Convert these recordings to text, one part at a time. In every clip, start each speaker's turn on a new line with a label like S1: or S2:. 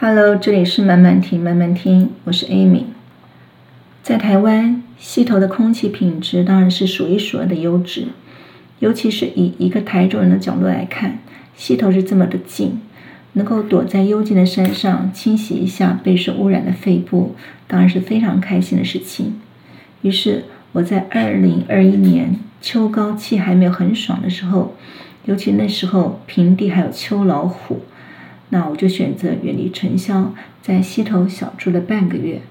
S1: Hello，這裡是慢慢聽，慢慢聽，我是 Amy。在台灣溪頭的空氣品質當然是數一數二的優質，尤其是以一個台中人的角度來看，溪頭是這麼的近，能夠躲在幽靜的山上清洗一下備受汙染的肺部，當然是非常開心的事情。於是我在二零二一年秋高氣還沒有很爽的時候，尤其那時候平地還有秋老虎。那我就選擇遠離塵囂，在溪頭小住了半個月。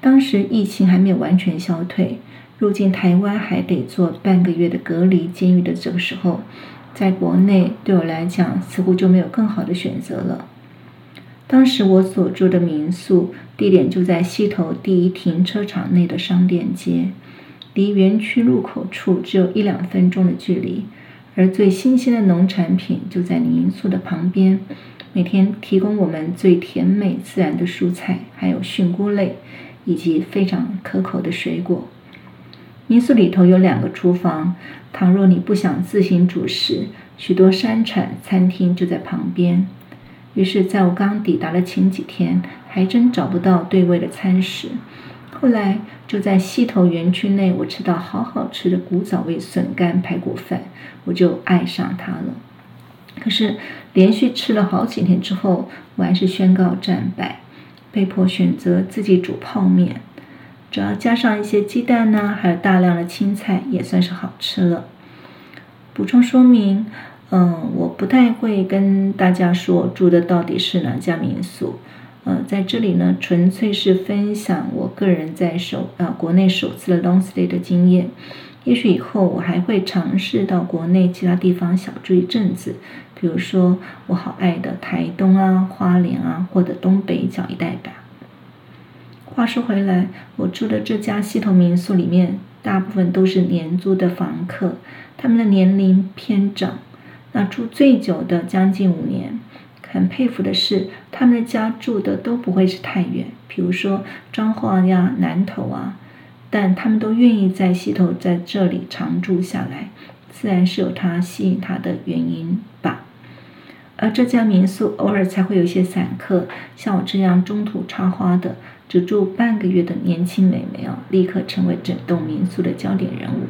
S1: 當時疫情還沒有完全消退，入境台灣還得做半個月的隔離，監獄的這個時候，在國內對我來講似乎就沒有更好的選擇了。當時我所住的民宿地點就在溪頭第一停車場內的商店街，離園區入口處只有一兩分鐘的距離，而最新鮮的農產品就在民宿的旁邊。每天提供我們最甜美自然的蔬菜，還有菌菇類以及非常可口的水果。民宿裡頭有兩個廚房，倘若你不想自行煮食，許多山產餐廳就在旁邊。於是，在我剛抵達的前幾天，還真找不到對味的餐食。後來，就在溪頭園區內，我吃到好好吃的古早味筍乾排骨飯，我就愛上它了。可是連續吃了好幾天之後，我還是宣告戰敗，被迫選擇自己煮泡麵，只要加上一些雞蛋呢，還有大量的青菜，也算是好吃了。補充說明，嗯、呃，我不太會跟大家說住的到底是哪家民宿，嗯、呃，在這裡呢，純粹是分享我個人在首呃，國內首次的 long stay 的經驗。也許以後我還會嘗試到國內其他地方小住一陣子。比如說，我好愛的台東啊、花蓮啊，或者東北角一帶吧。話說回來，我住的這家溪頭民宿裡面，大部分都是年租的房客，他們的年齡偏長。那住最久的將近五年。很佩服的是，他們的家住的都不會是太遠，比如說彰化呀、南投啊，但他們都願意在溪頭在這裡長住下來，自然是有它吸引他的原因。而這家民宿偶爾才會有一些散客，像我這樣中途插花的、只住半個月的年輕美眉哦，立刻成為整棟民宿的焦點人物。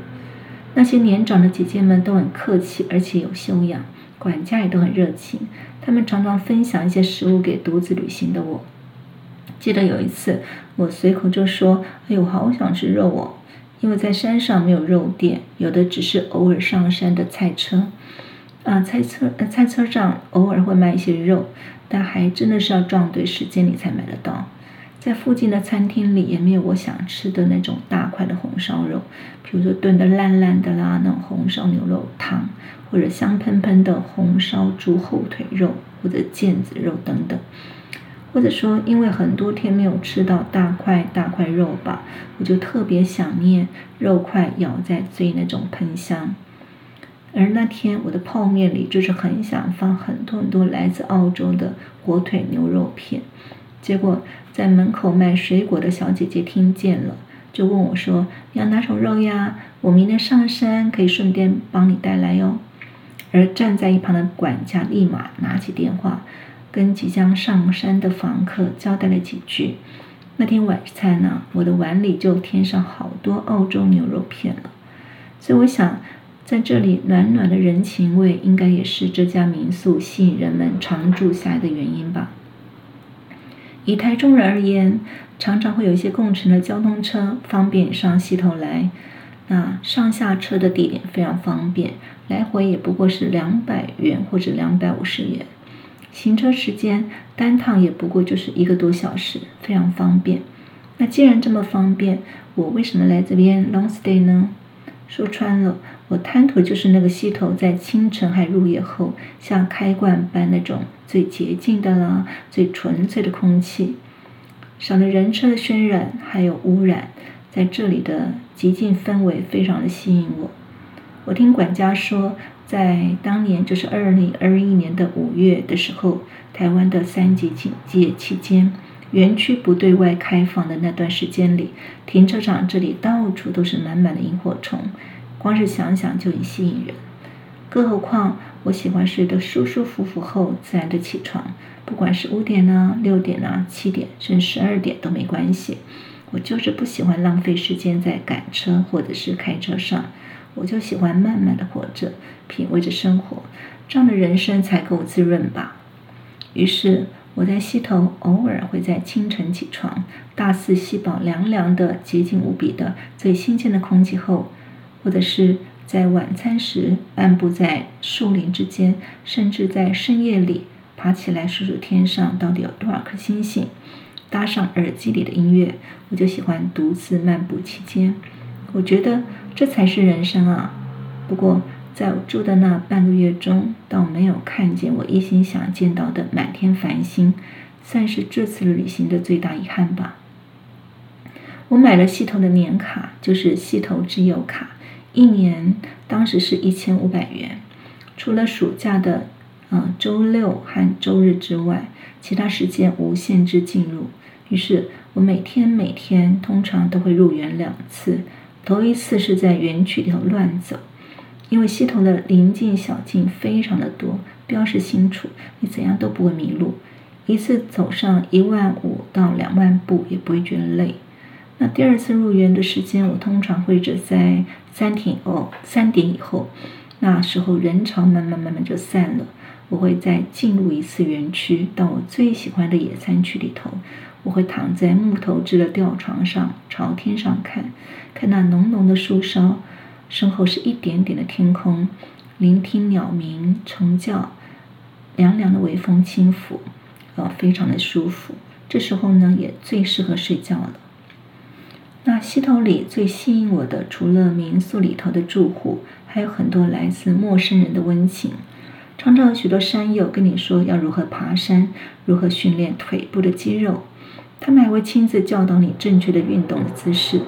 S1: 那些年長的姐姐們都很客氣，而且有修養，管家也都很熱情。他們常常分享一些食物給獨自旅行的我。記得有一次，我隨口就說：“哎呦，我好想吃肉哦！”因為在山上沒有肉店，有的只是偶爾上山的菜車。啊，菜車，菜車上偶爾會賣一些肉，但還真的是要撞對時間你才買得到。在附近的餐廳裡也沒有我想吃的那種大塊的紅燒肉，比如說燉的爛爛的啦，那種紅燒牛肉湯，或者香噴噴的紅燒豬後腿肉或者腱子肉等等。或者說，因為很多天沒有吃到大塊大塊肉吧，我就特別想念肉塊咬在嘴那種噴香。而那天，我的泡麵裡就是很想放很多很多來自澳洲的火腿牛肉片，結果在門口賣水果的小姐姐聽見了，就問我說：“你要哪種肉呀？我明天上山可以順便幫你帶來喲。”而站在一旁的管家立馬拿起電話，跟即將上山的房客交代了幾句。那天晚餐呢，我的碗裡就添上好多澳洲牛肉片了。所以我想……在這裡，暖暖的人情味應該也是這家民宿吸引人們常住下來的原因吧。以台中人而言，常常會有一些共乘的交通車，方便上溪頭來，那上下車的地點非常方便，來回也不過是兩百元或者兩百五十元，行車時間單趟也不過就是一個多小時，非常方便。那既然這麼方便，我為什麼來這邊 long stay 呢？說穿了。我貪圖就是那個溪頭，在清晨還入夜後，像開罐般那種最潔淨的啦，最純粹的空氣，少了人車的渲染，還有污染，在這裡的極靜氛圍非常的吸引我。我聽管家說，在當年就是二零二一年的五月的時候，台灣的三級警戒期間，園區不對外開放的那段時間裡，停車場這裡到處都是滿滿的螢火蟲。光是想想就已吸引人，更何況我喜歡睡得舒舒服服後自然的起床，不管是五點呢、啊、六點呢、啊、七點，甚至十二點都沒關係。我就是不喜歡浪費時間在趕車或者是開車上，我就喜歡慢慢的活着，品味着生活，這樣的人生才夠滋潤吧。於是我在溪頭偶爾會在清晨起床，大肆吸飽涼涼的、潔淨無比的、最新鮮的空氣後。或者是在晚餐時漫步在樹林之間，甚至在深夜裡爬起來數數天上到底有多少顆星星，搭上耳機裡的音樂，我就喜歡獨自漫步其間。我覺得這才是人生啊！不過在我住的那半個月中，倒沒有看見我一心想見到的滿天繁星，算是這次旅行的最大遺憾吧。我買了溪頭的年卡，就是溪頭之友卡，一年當時是一千五百元。除了暑假的，嗯、呃，周六和周日之外，其他時間無限制進入。於是，我每天每天通常都會入園兩次。頭一次是在園區裡頭亂走，因為溪頭的林徑小徑非常的多，標識清楚，你怎樣都不會迷路。一次走上一萬五到兩萬步也不會覺得累。那第二次入園的時間，我通常會是在三點哦，三點以後，那時候人潮慢慢慢慢就散了。我會再進入一次園區，到我最喜歡的野餐區裡頭。我會躺在木頭制的吊床上，朝天上看，看那濃濃的樹梢，身後是一點點的天空，聆聽鳥鳴蟲叫，涼涼的微風輕拂，呃、哦，非常的舒服。這時候呢，也最適合睡覺了。那溪頭裡最吸引我的，除了民宿裡頭的住戶，還有很多來自陌生人的溫情。常常有許多山友跟你說要如何爬山，如何訓練腿部的肌肉，他們還會親自教導你正確的運動的姿勢。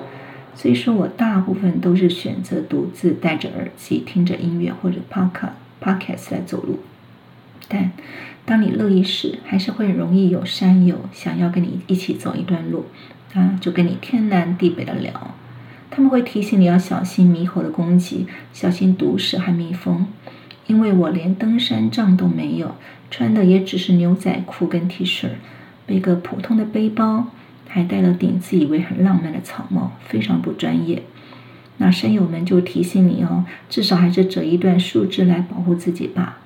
S1: 所以說我大部分都是選擇獨自戴着耳機聽着音樂或者 Pocket Casts 來走路。但當你樂意時，還是會容易有山友想要跟你一起走一段路。啊，就跟你天南地北的聊，他們會提醒你要小心獼猴的攻擊，小心毒蛇和蜜蜂，因為我連登山杖都沒有，穿的也只是牛仔褲跟 T 恤，背個普通的背包，還戴了頂自以為很浪漫的草帽，非常不專業。那山友們就提醒你哦，至少還是折一段樹枝來保護自己吧。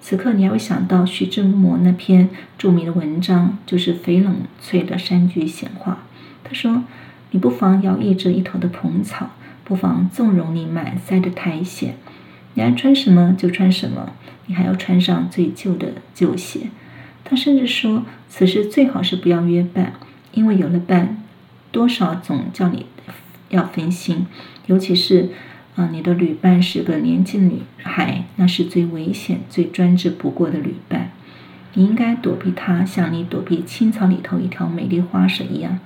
S1: 此刻你還會想到徐志摩那篇著名的文章，就是《翡冷翠的山居閒話》。他說：“你不妨搖曳著一頭的蓬草，不妨縱容你滿腮的苔蘚，你愛穿什麼就穿什麼，你還要穿上最舊的舊鞋。”他甚至說：“此時最好是不要約伴，因為有了伴，多少總叫你要分心。尤其是啊、呃，你的旅伴是個年輕女孩，那是最危險、最專制不過的旅伴。你應該躲避她，像你躲避青草裡頭一條美麗花蛇一樣。”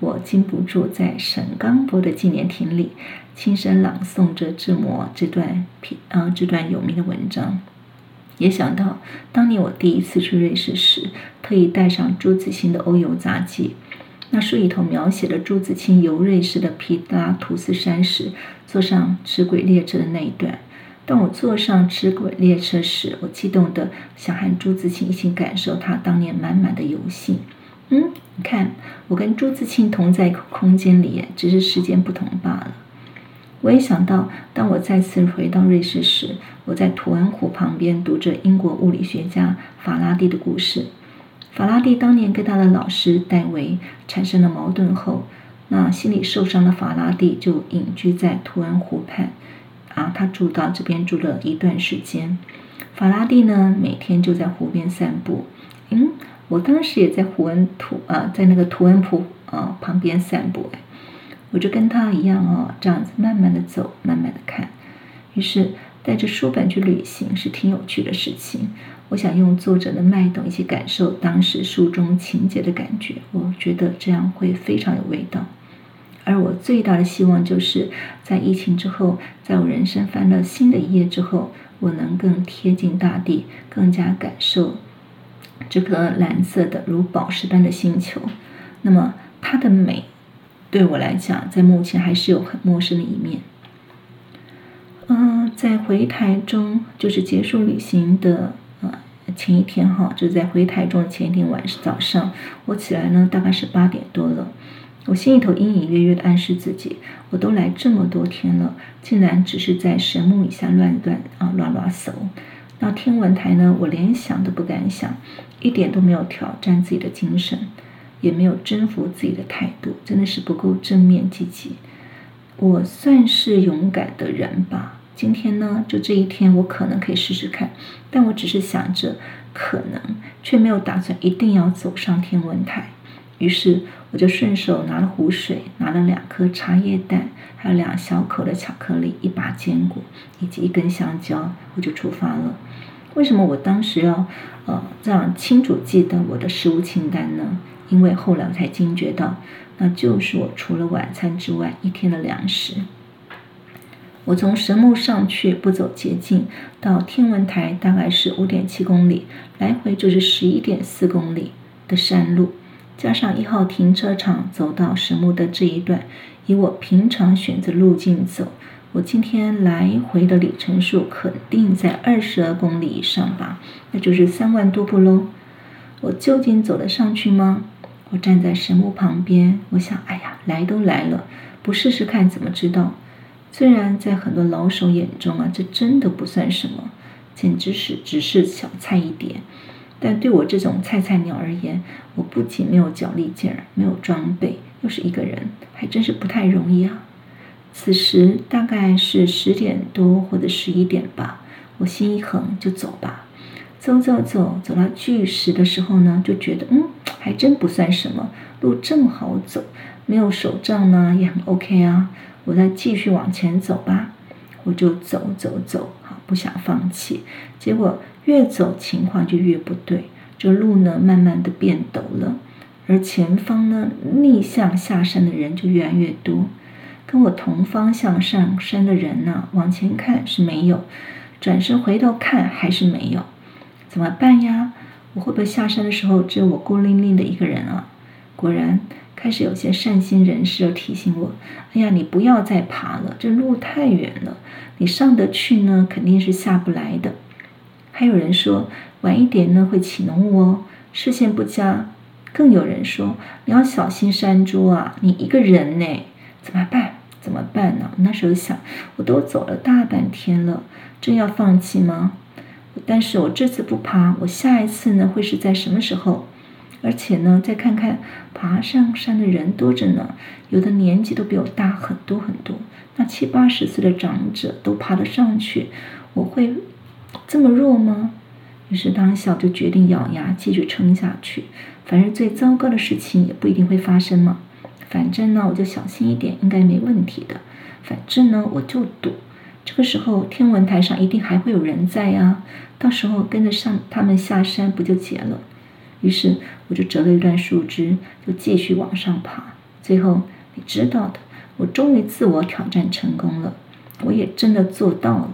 S1: 我禁不住在沈剛伯的紀念亭裡，親身朗誦着志摩這段皮啊，這段有名的文章，也想到當年我第一次去瑞士時，特意帶上朱自清的《歐遊雜記》，那書裡頭描寫了朱自清遊瑞士的皮拉圖斯山時，坐上齒軌列車的那一段。當我坐上齒軌列車時，我激動的想和朱自清一起感受他當年滿滿的遊興。嗯，你看，我跟朱自清同在一個空間裡，只是時間不同罷了。我也想到，當我再次回到瑞士時，我在圖恩湖旁邊讀着英國物理學家法拉第的故事。法拉第當年跟他的老師戴維產生了矛盾後，那心裡受傷的法拉第就隱居在圖恩湖畔。啊，他住到這邊住了一段時間。法拉第呢，每天就在湖邊散步。嗯。我當時也在胡門圖啊，在那個圖文鋪啊旁邊散步，哎，我就跟他一樣哦，這樣子慢慢的走，慢慢的看。於是帶着書本去旅行是挺有趣的事情。我想用作者的脈動，一起感受當時書中情節的感覺，我覺得這樣會非常有味道。而我最大的希望就是在疫情之後，在我人生翻了新的一頁之後，我能更貼近大地，更加感受。這個藍色的如寶石般的星球，那麼它的美對我來講，在目前還是有很陌生的一面。嗯、呃，在回台中，就是結束旅行的呃前一天哈，就在回台中前一天晚上、早上，我起來呢大概是八點多了，我心裡頭隱隱約約的暗示自己，我都來這麼多天了，竟然只是在神木下亂亂啊亂亂走。那天文臺呢？我連想都不敢想，一點都沒有挑戰自己的精神，也沒有徵服自己的態度，真的是不夠正面積極。我算是勇敢的人吧，今天呢，就這一天，我可能可以試試看，但我只是想着可能，卻沒有打算一定要走上天文臺。於是我就順手拿了壺水，拿了兩顆茶葉蛋，還有兩小口的巧克力，一把堅果，以及一根香蕉，我就出發了。為什麼我當時要呃這樣清楚記得我的食物清單呢？因為後來我才驚覺到，那就是我除了晚餐之外一天的糧食。我從神木上去不走捷徑，到天文台大概是五點七公里，來回就是十一點四公里的山路。加上一號停車場走到神木的這一段，以我平常選擇路徑走，我今天來回的里程數肯定在二十二公里以上吧，那就是三萬多步嘍。我究竟走得上去嗎？我站在神木旁邊，我想，哎呀，來都來了，不試試看怎麼知道？雖然在很多老手眼中啊，這真的不算什麼，簡直是只是小菜一碟。但對我這種菜菜鳥而言，我不僅沒有腳力勁兒，沒有裝備，又是一個人，還真是不太容易啊。此時大概是十點多或者十一點吧，我心一橫就走吧。走走走，走到巨石的時候呢，就覺得嗯，還真不算什麼，路正好走，沒有手杖呢，也很 OK 啊。我再繼續往前走吧，我就走走走，好，不想放棄。結果。越走情況就越不對，這路呢慢慢的變陡了，而前方呢逆向下山的人就越來越多，跟我同方向上山的人呢往前看是沒有，轉身回頭看還是沒有，怎麼辦呀？我會不會下山的時候只有我孤零零的一個人啊？果然，開始有些善心人士又提醒我：“哎呀，你不要再爬了，這路太遠了，你上得去呢肯定是下不來的。”還有人說，晚一點呢會起濃霧哦，視線不佳。更有人說，你要小心山豬啊，你一個人呢，怎麼辦？怎麼辦呢？那時候想，我都走了大半天了，真要放棄嗎？但是我這次不爬，我下一次呢會是在什麼時候？而且呢，再看看爬上山的人多着呢，有的年紀都比我大很多很多，那七八十歲的長者都爬得上去，我會這麼弱嗎？於是，當下就決定咬牙繼續撐下去。反正最糟糕的事情也不一定會發生嘛。反正呢，我就小心一點，應該沒問題的。反正呢，我就賭。這個時候，天文台上一定還會有人在啊！到時候跟着上他們下山不就結了？於是，我就折了一段樹枝，就繼續往上爬。最後，你知道的，我終於自我挑戰成功了。我也真的做到了。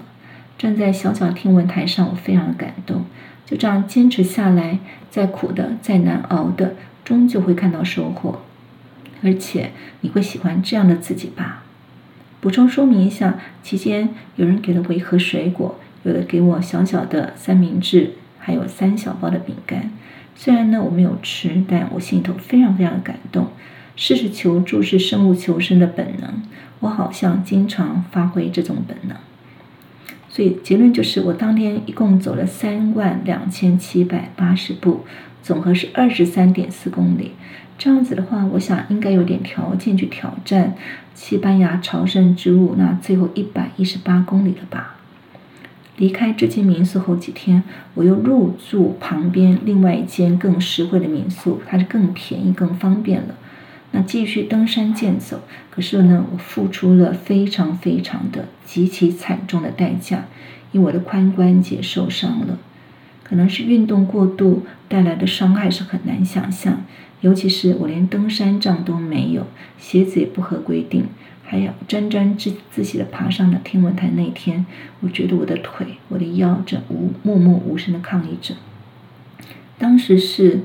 S1: 站在小小聽聞台上，我非常感動。就這樣堅持下來，再苦的、再難熬的，終究會看到收穫。而且你會喜歡這樣的自己吧？補充說明一下，期間有人給了我一盒水果，有的給我小小的三明治，還有三小包的餅乾。雖然呢，我沒有吃，但我心頭非常非常感動。事實求助是生物求生的本能，我好像經常發揮這種本能。所以結論就是，我當天一共走了三萬兩千七百八十步，總和是二十三點四公里。這樣子的話，我想應該有點條件去挑戰西班牙朝聖之路，那最後一百一十八公里了吧？離開這間民宿後幾天，我又入住旁邊另外一間更實惠的民宿，它是更便宜、更方便了。那繼續登山健走，可是呢，我付出了非常非常的極其慘重的代價，因為我的髖關節受傷了，可能是運動過度帶來的傷害是很難想象，尤其是我連登山杖都沒有，鞋子也不合規定，還要沾沾自自喜地爬上了天文台。那天，我覺得我的腿、我的腰正無默默無聲的抗議着，當時是。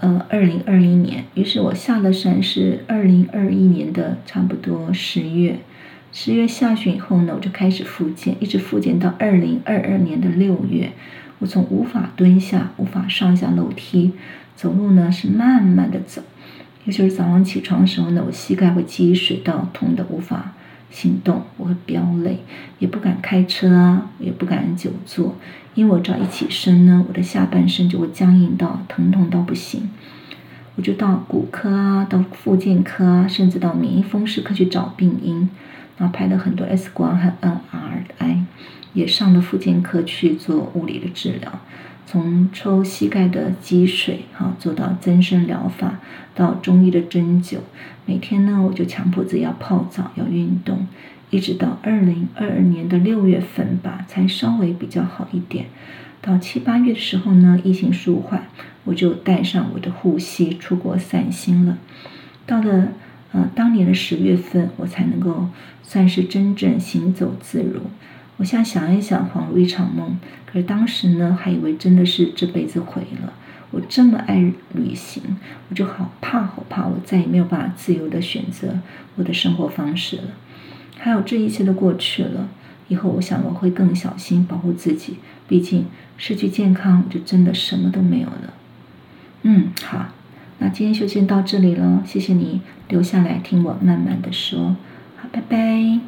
S1: 呃，二零二一年，於是我下了山是二零二一年的差不多十月，十月下旬以後呢，我就開始復健，一直復健到二零二二年的六月。我從無法蹲下，無法上下樓梯，走路呢是慢慢的走，尤其是早上起床的時候呢，我膝蓋會積水到痛得無法行動，我會飆淚，也不敢開車啊，也不敢久坐。因為我只要一起身呢，我的下半身就會僵硬到疼痛到不行，我就到骨科啊，到復健科啊，甚至到免疫風濕科去找病因，然後拍了很多 X 光和 MRI，也上了復健科去做物理的治療，從抽膝蓋的積水哈、啊，做到增生療法，到中醫的針灸，每天呢我就強迫自己要泡澡，要運動。一直到二零二二年的六月份吧，才稍微比較好一點。到七八月的時候呢，疫情舒緩，我就帶上我的護膝出國散心了。到了呃當年的十月份，我才能夠算是真正行走自如。我現在想一想，恍如一場夢。可是當時呢，還以為真的是這輩子毀了。我這麼愛旅行，我就好怕好怕，我再也沒有辦法自由的選擇我的生活方式了。還有這一切都過去了，以後我想我會更小心保護自己。畢竟失去健康，我就真的什麼都沒有了。嗯，好，那今天就先到這裡了，謝謝你留下來聽我慢慢的說。好，拜拜。